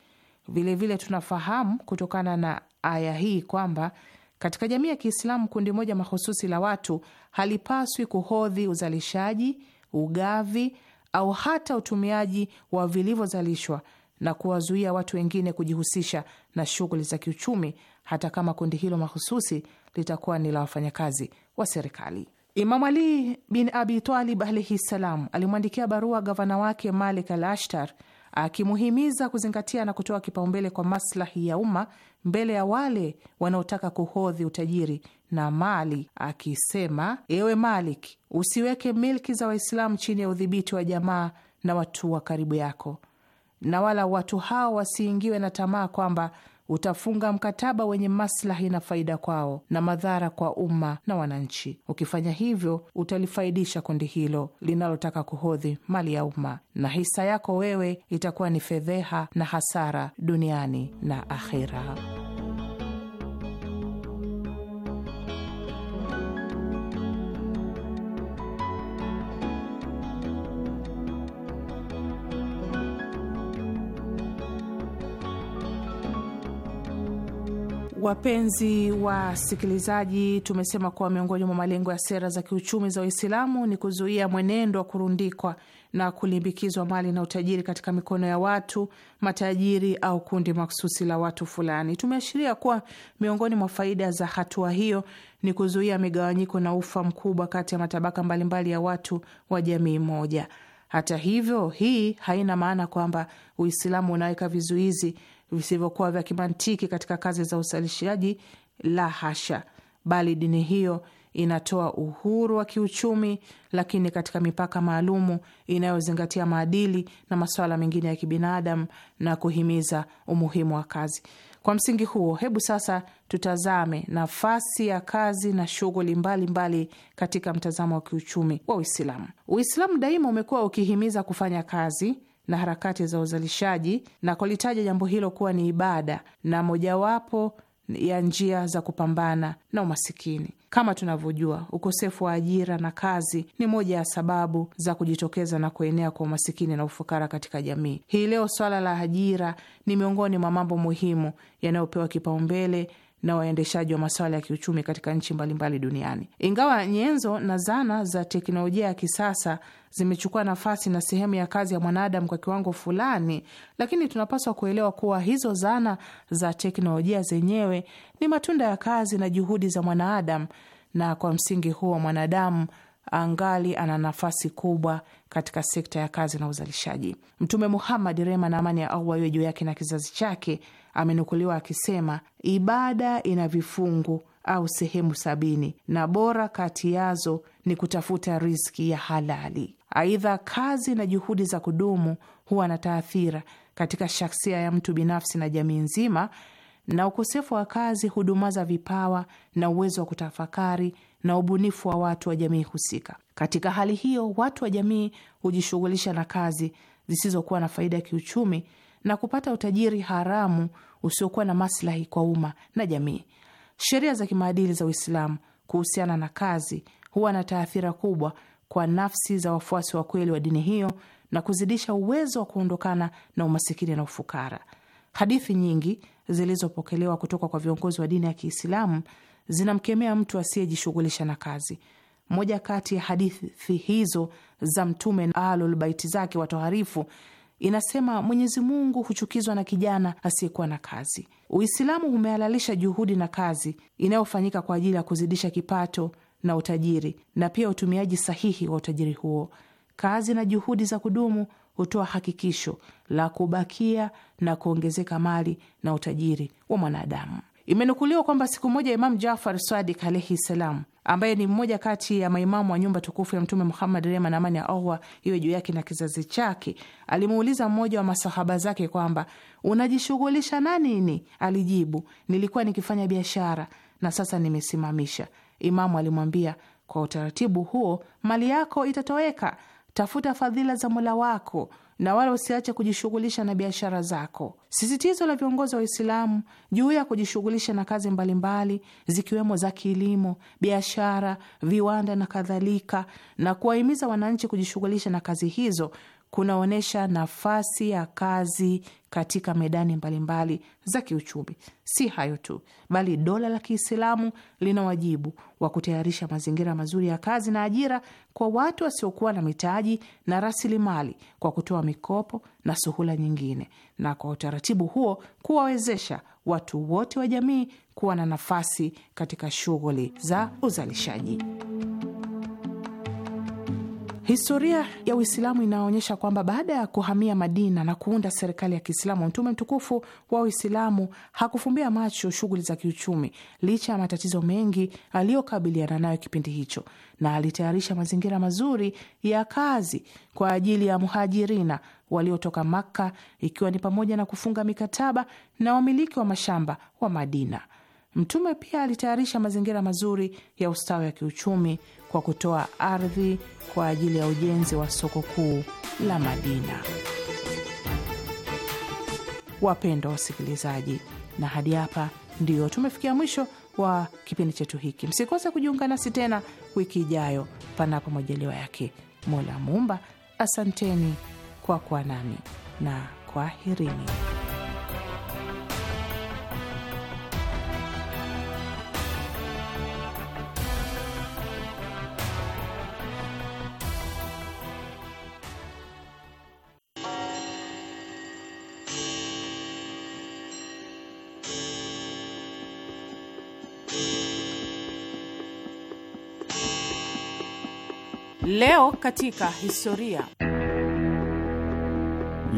Vilevile vile tunafahamu kutokana na aya hii kwamba katika jamii ya Kiislamu kundi moja mahususi la watu halipaswi kuhodhi uzalishaji, ugavi au hata utumiaji wa vilivyozalishwa na kuwazuia watu wengine kujihusisha na shughuli za kiuchumi, hata kama kundi hilo mahususi litakuwa ni la wafanyakazi wa serikali. Imamu Ali bin Abi Talib alaihi ssalam alimwandikia barua gavana wake Malik al Ashtar akimuhimiza kuzingatia na kutoa kipaumbele kwa maslahi ya umma mbele ya wale wanaotaka kuhodhi utajiri na mali, akisema: ewe Malik, usiweke milki za Waislamu chini ya udhibiti wa jamaa na watu wa karibu yako, na wala watu hao wasiingiwe na tamaa kwamba utafunga mkataba wenye maslahi na faida kwao na madhara kwa umma na wananchi. Ukifanya hivyo, utalifaidisha kundi hilo linalotaka kuhodhi mali ya umma, na hisa yako wewe itakuwa ni fedheha na hasara duniani na akhira Wapenzi wasikilizaji, tumesema kuwa miongoni mwa malengo ya sera za kiuchumi za Uislamu ni kuzuia mwenendo wa kurundikwa na kulimbikizwa mali na utajiri katika mikono ya watu matajiri au kundi maksusi la watu fulani. Tumeashiria kuwa miongoni mwa faida za hatua hiyo ni kuzuia migawanyiko na ufa mkubwa kati ya matabaka mbalimbali ya watu wa jamii moja. Hata hivyo, hii haina maana kwamba Uislamu unaweka vizuizi visivyokuwa vya kimantiki katika kazi za usalishaji, la hasha, bali dini hiyo inatoa uhuru wa kiuchumi, lakini katika mipaka maalumu inayozingatia maadili na masuala mengine ya kibinadamu na kuhimiza umuhimu wa kazi. Kwa msingi huo, hebu sasa tutazame nafasi ya kazi na shughuli mbalimbali katika mtazamo wa kiuchumi wa Uislamu. Uislamu daima umekuwa ukihimiza kufanya kazi na harakati za uzalishaji na kulitaja jambo hilo kuwa ni ibada na mojawapo ya njia za kupambana na umasikini. Kama tunavyojua, ukosefu wa ajira na kazi ni moja ya sababu za kujitokeza na kuenea kwa umasikini na ufukara katika jamii hii leo. Swala la ajira ni miongoni mwa mambo muhimu yanayopewa kipaumbele na waendeshaji wa masuala ya kiuchumi katika nchi mbalimbali duniani. Ingawa nyenzo na zana za teknolojia ya kisasa zimechukua nafasi na sehemu ya kazi ya mwanadamu kwa kiwango fulani, lakini tunapaswa kuelewa kuwa hizo zana za teknolojia zenyewe ni matunda ya kazi na juhudi za mwanadamu, na kwa msingi huo mwanadamu angali ana nafasi kubwa katika sekta ya kazi na uzalishaji. Mtume Muhammad, rehma na amani ya Allah iwe juu yake na kizazi chake amenukuliwa akisema, ibada ina vifungu au sehemu sabini na bora kati yazo ni kutafuta riziki ya halali. Aidha, kazi na juhudi za kudumu huwa na taathira katika shaksia ya mtu binafsi na jamii nzima, na ukosefu wa kazi hudumaza vipawa na uwezo wa kutafakari na ubunifu wa watu wa jamii husika. Katika hali hiyo, watu wa jamii hujishughulisha na kazi zisizokuwa na faida ya kiuchumi na kupata utajiri haramu usiokuwa na maslahi kwa umma na jamii. Sheria za kimaadili za Uislamu kuhusiana na kazi huwa na taathira kubwa kwa nafsi za wafuasi wa kweli wa dini hiyo na kuzidisha uwezo wa kuondokana na umasikini na ufukara. Hadithi nyingi zilizopokelewa kutoka kwa viongozi wa dini ya Kiislamu zinamkemea mtu asiyejishughulisha na kazi. Moja kati ya hadithi hizo za Mtume na Ahlulbaiti zake watoharifu inasema Mwenyezi Mungu huchukizwa na kijana asiyekuwa na kazi. Uislamu umehalalisha juhudi na kazi inayofanyika kwa ajili ya kuzidisha kipato na utajiri na pia utumiaji sahihi wa utajiri huo. Kazi na juhudi za kudumu hutoa hakikisho la kubakia na kuongezeka mali na utajiri wa mwanadamu. Imenukuliwa kwamba siku moja Imamu Jafar Sadik alaihi ssalam ambaye ni mmoja kati ya maimamu wa nyumba tukufu ya Mtume Muhammad, rehma na amani ya Allah iwe juu yake na kizazi chake, alimuuliza mmoja wa masahaba zake kwamba unajishughulisha na nini? Alijibu, nilikuwa nikifanya biashara na sasa nimesimamisha. Imamu alimwambia, kwa utaratibu huo mali yako itatoweka, tafuta fadhila za Mola wako na wala usiache kujishughulisha na biashara zako. Sisitizo la viongozi wa Waislamu juu ya kujishughulisha na kazi mbalimbali zikiwemo za kilimo, biashara, viwanda na kadhalika, na kuwahimiza wananchi kujishughulisha na kazi hizo kunaonyesha nafasi ya kazi katika medani mbalimbali mbali za kiuchumi. Si hayo tu, bali dola la Kiislamu lina wajibu wa kutayarisha mazingira mazuri ya kazi na ajira kwa watu wasiokuwa na mitaji na rasilimali kwa kutoa mikopo na suhula nyingine, na kwa utaratibu huo kuwawezesha watu wote wa jamii kuwa na nafasi katika shughuli za uzalishaji. Historia ya Uislamu inaonyesha kwamba baada ya kuhamia Madina na kuunda serikali ya Kiislamu, mtume mtukufu wa Uislamu hakufumbia macho shughuli za kiuchumi, licha ya matatizo mengi aliyokabiliana nayo kipindi hicho, na alitayarisha mazingira mazuri ya kazi kwa ajili ya muhajirina waliotoka Makka, ikiwa ni pamoja na kufunga mikataba na wamiliki wa mashamba wa Madina. Mtume pia alitayarisha mazingira mazuri ya ustawi wa kiuchumi kwa kutoa ardhi kwa ajili ya ujenzi wa soko kuu la Madina. Wapendwa wasikilizaji, na hadi hapa ndio tumefikia mwisho wa kipindi chetu hiki. Msikose kujiunga nasi tena wiki ijayo, panapo majaliwa yake Mola Mumba. Asanteni kwa kuwa nami na kwaherini. Leo katika historia.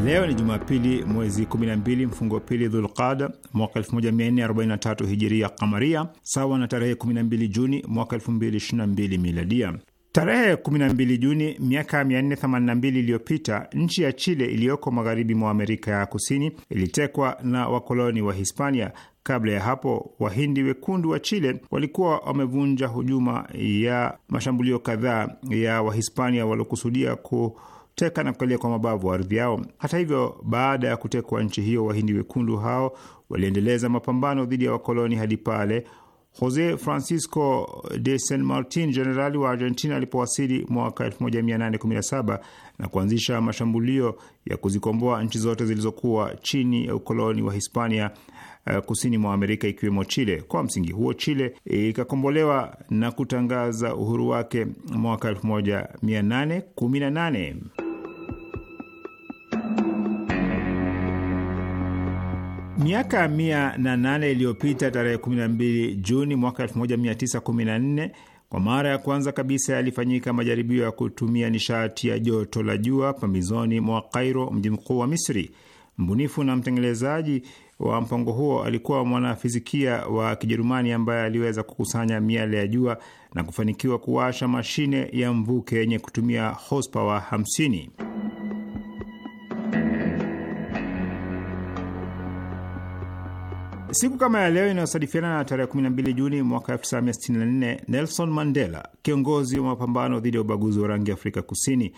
Leo ni Jumapili, mwezi 12 mfungo pili Dhulqada mwaka 1443 hijiria kamaria, sawa na tarehe 12 Juni mwaka 2022 miladia. Tarehe 12 Juni miaka 482 iliyopita nchi ya Chile iliyoko magharibi mwa Amerika ya Kusini ilitekwa na wakoloni wa Hispania. Kabla ya hapo Wahindi wekundu wa Chile walikuwa wamevunja hujuma ya mashambulio kadhaa ya Wahispania waliokusudia kuteka na kukalia kwa mabavu ardhi yao. Hata hivyo, baada ya kutekwa nchi hiyo, Wahindi wekundu hao waliendeleza mapambano dhidi ya wakoloni hadi pale Jose Francisco de San Martin, jenerali wa Argentina, alipowasili mwaka 1817 na kuanzisha mashambulio ya kuzikomboa nchi zote zilizokuwa chini ya ukoloni wa Hispania eh, kusini mwa Amerika ikiwemo Chile. Kwa msingi huo, Chile eh, ikakombolewa na kutangaza uhuru wake mwaka 1818. Miaka mia na nane iliyopita tarehe 12 Juni mwaka 1914 kwa mara ya kwanza kabisa yalifanyika majaribio ya kutumia nishati ya joto la jua pambizoni mwa Kairo, mji mkuu wa Misri. Mbunifu na mtengenezaji wa mpango huo alikuwa mwanafizikia wa Kijerumani ambaye aliweza kukusanya miale ya jua na kufanikiwa kuwasha mashine ya mvuke yenye kutumia horsepower 50. Siku kama ya leo inayosadifiana na tarehe 12 Juni mwaka 1964, Nelson Mandela, kiongozi wa mapambano dhidi ya ubaguzi wa rangi Afrika Kusini,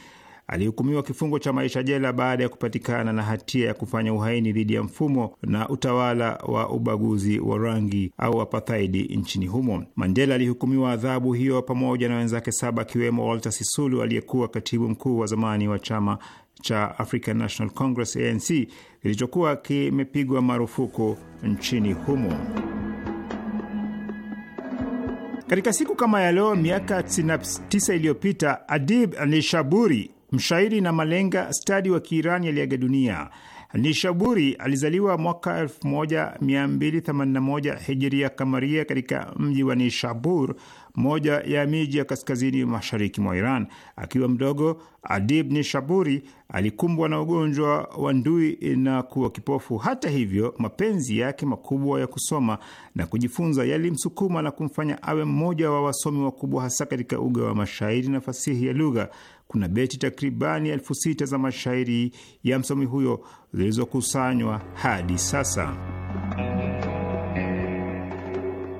alihukumiwa kifungo cha maisha jela baada ya kupatikana na hatia ya kufanya uhaini dhidi ya mfumo na utawala wa ubaguzi wa rangi au apathaidi nchini humo. Mandela alihukumiwa adhabu hiyo pamoja na wenzake saba akiwemo Walter Sisulu aliyekuwa katibu mkuu wa zamani wa chama cha African National Congress ANC kilichokuwa kimepigwa marufuku nchini humo. Katika siku kama ya leo miaka 99 iliyopita Adib Nishaburi, mshairi na malenga stadi wa Kiirani aliaga dunia. Nishaburi alizaliwa mwaka 1281 hijiria kamaria katika mji wa Nishabur moja ya miji ya kaskazini mashariki mwa Iran. Akiwa mdogo, Adib Nishaburi alikumbwa na ugonjwa wa ndui na kuwa kipofu. Hata hivyo, mapenzi yake makubwa ya kusoma na kujifunza yalimsukuma na kumfanya awe mmoja wa wasomi wakubwa, hasa katika uga wa mashairi na fasihi ya lugha. Kuna beti takribani elfu sita za mashairi ya msomi huyo zilizokusanywa hadi sasa.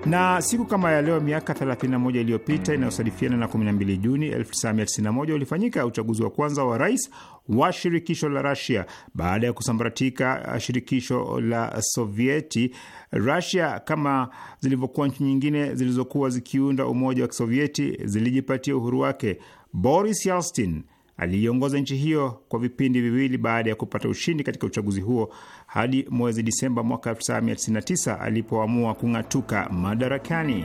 Na siku kama ya leo miaka 31 iliyopita inayosadifiana na 12 Juni 1991 ulifanyika uchaguzi wa kwanza wa rais wa shirikisho la Rasia baada ya kusambaratika uh, shirikisho la Sovieti. Rasia, kama zilivyokuwa nchi nyingine zilizokuwa zikiunda umoja wa Kisovieti, zilijipatia uhuru wake. Boris Yeltsin aliiongoza nchi hiyo kwa vipindi viwili baada ya kupata ushindi katika uchaguzi huo hadi mwezi Disemba mwaka 1999 alipoamua kung'atuka madarakani.